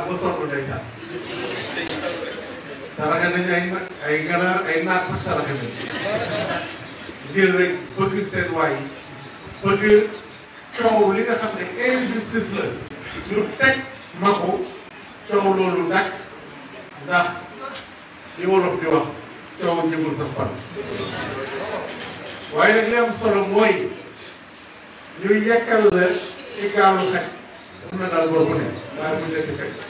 xalaat ba sonn ndeysaan saraxe nañu ay ay ganaar ay sax saraxe ngir rek bëgg seen waay bëgg coow li nga xam ne injustice la ñu teg ma coow loolu dakk ndax li wolof di wax coow ñëwul sax fan waaye nag li am solo mooy ñu yekkal la ci gaalu xaj mun na daal boobu ne waaye mu nekk fekk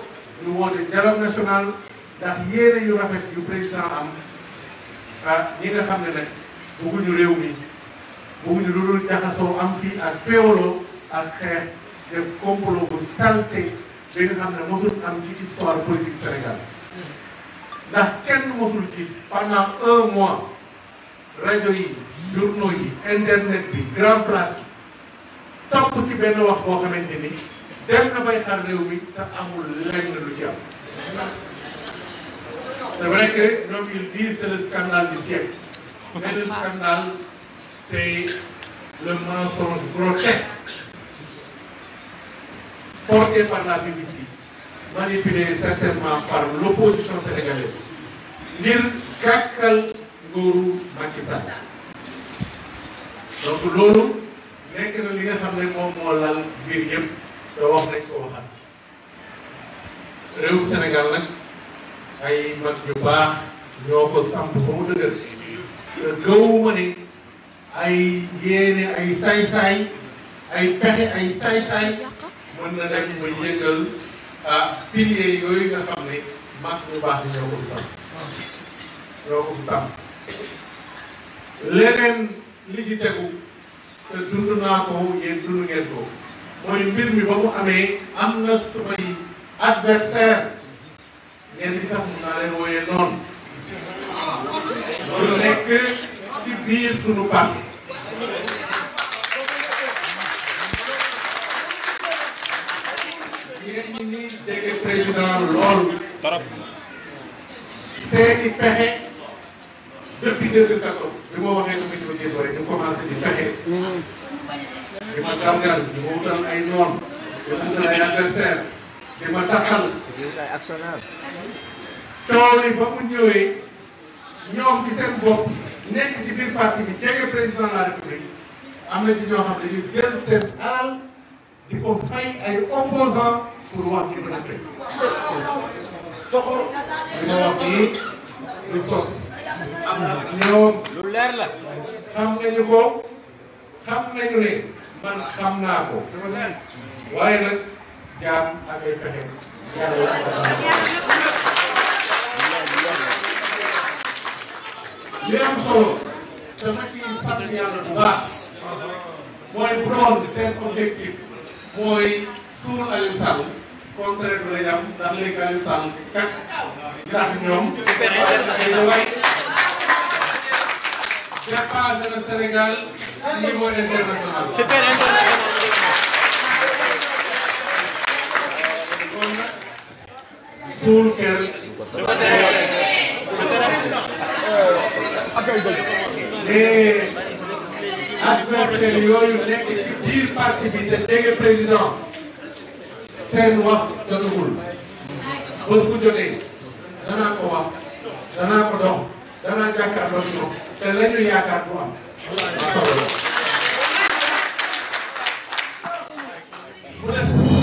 ñu woote dialogue national ndax yéene yu rafet yu président am ah nga xam ne nag bëgguñu réew mi bëgguñu lu jaxasoo am fii ak féewaloo ak xeex def complot bu salté bi nga xam ne mosul am ci histoire politique Sénégal ndax kenn mosul gis pendant un mois rajo yi journaux yi internet bi grand place bi topp ci benn wax boo xamante ni. dem na bay xaar réew mi te amul lenn lu ci am c'est vrai que ñoom ils disent scandale du siècle mais scandale c'est le mensonge grotesque porté par la BBC manipulé certainement par l'opposition sénégalaise ngir gàkkal nguuru Macky donc loolu nekk na li nga xam ne moom moo lal mbir yëpp te wax nañ ko waxaat Sénégal nag ay mag yu baax ñoo ko samp mu dëgër te gëwuma ay yéene ay saay-saay ay pexe ay saay-saay mën na dañ ma yëgal ah piliers yooyu nga xam ne mag ñu baax ñoo ko samp ñoo ko samp leneen li tegu te dund naa ko yéen dund ngeen ko mooy mbir mi ba mu amee am na sumay adversaire ñenn ñi sax mun naa leen wooyee noonu lu nekk ci biir sunu parti yéen ñi ñuy jege président lool seeni depuis 2014 bi ma waxee tamit ba jéem a ñu commencé di fexe. di ma tàngal di ma wutal ay noon. di ma wutal di ma taxal. coow li mu ñëwee ñoom ci seen bopp nekk biir parti bi jege président de la république am na ci ñoo xam ne dañuy jël seen alal di ko ay opposants pour wax li mu def rek. am na ñoom. lu li am solo dama ciy sant yàlla mooy borom seen objectif mooy suul Aliou Sall contraire bi la yam ndax léegi Aliou Sall kat ndax dépassé na Sénégal niveau international. super international. kon nag. suul nekk ci parti bi te président seen wax jotagul bés bu jotee danaa ko wax danaa ko dox te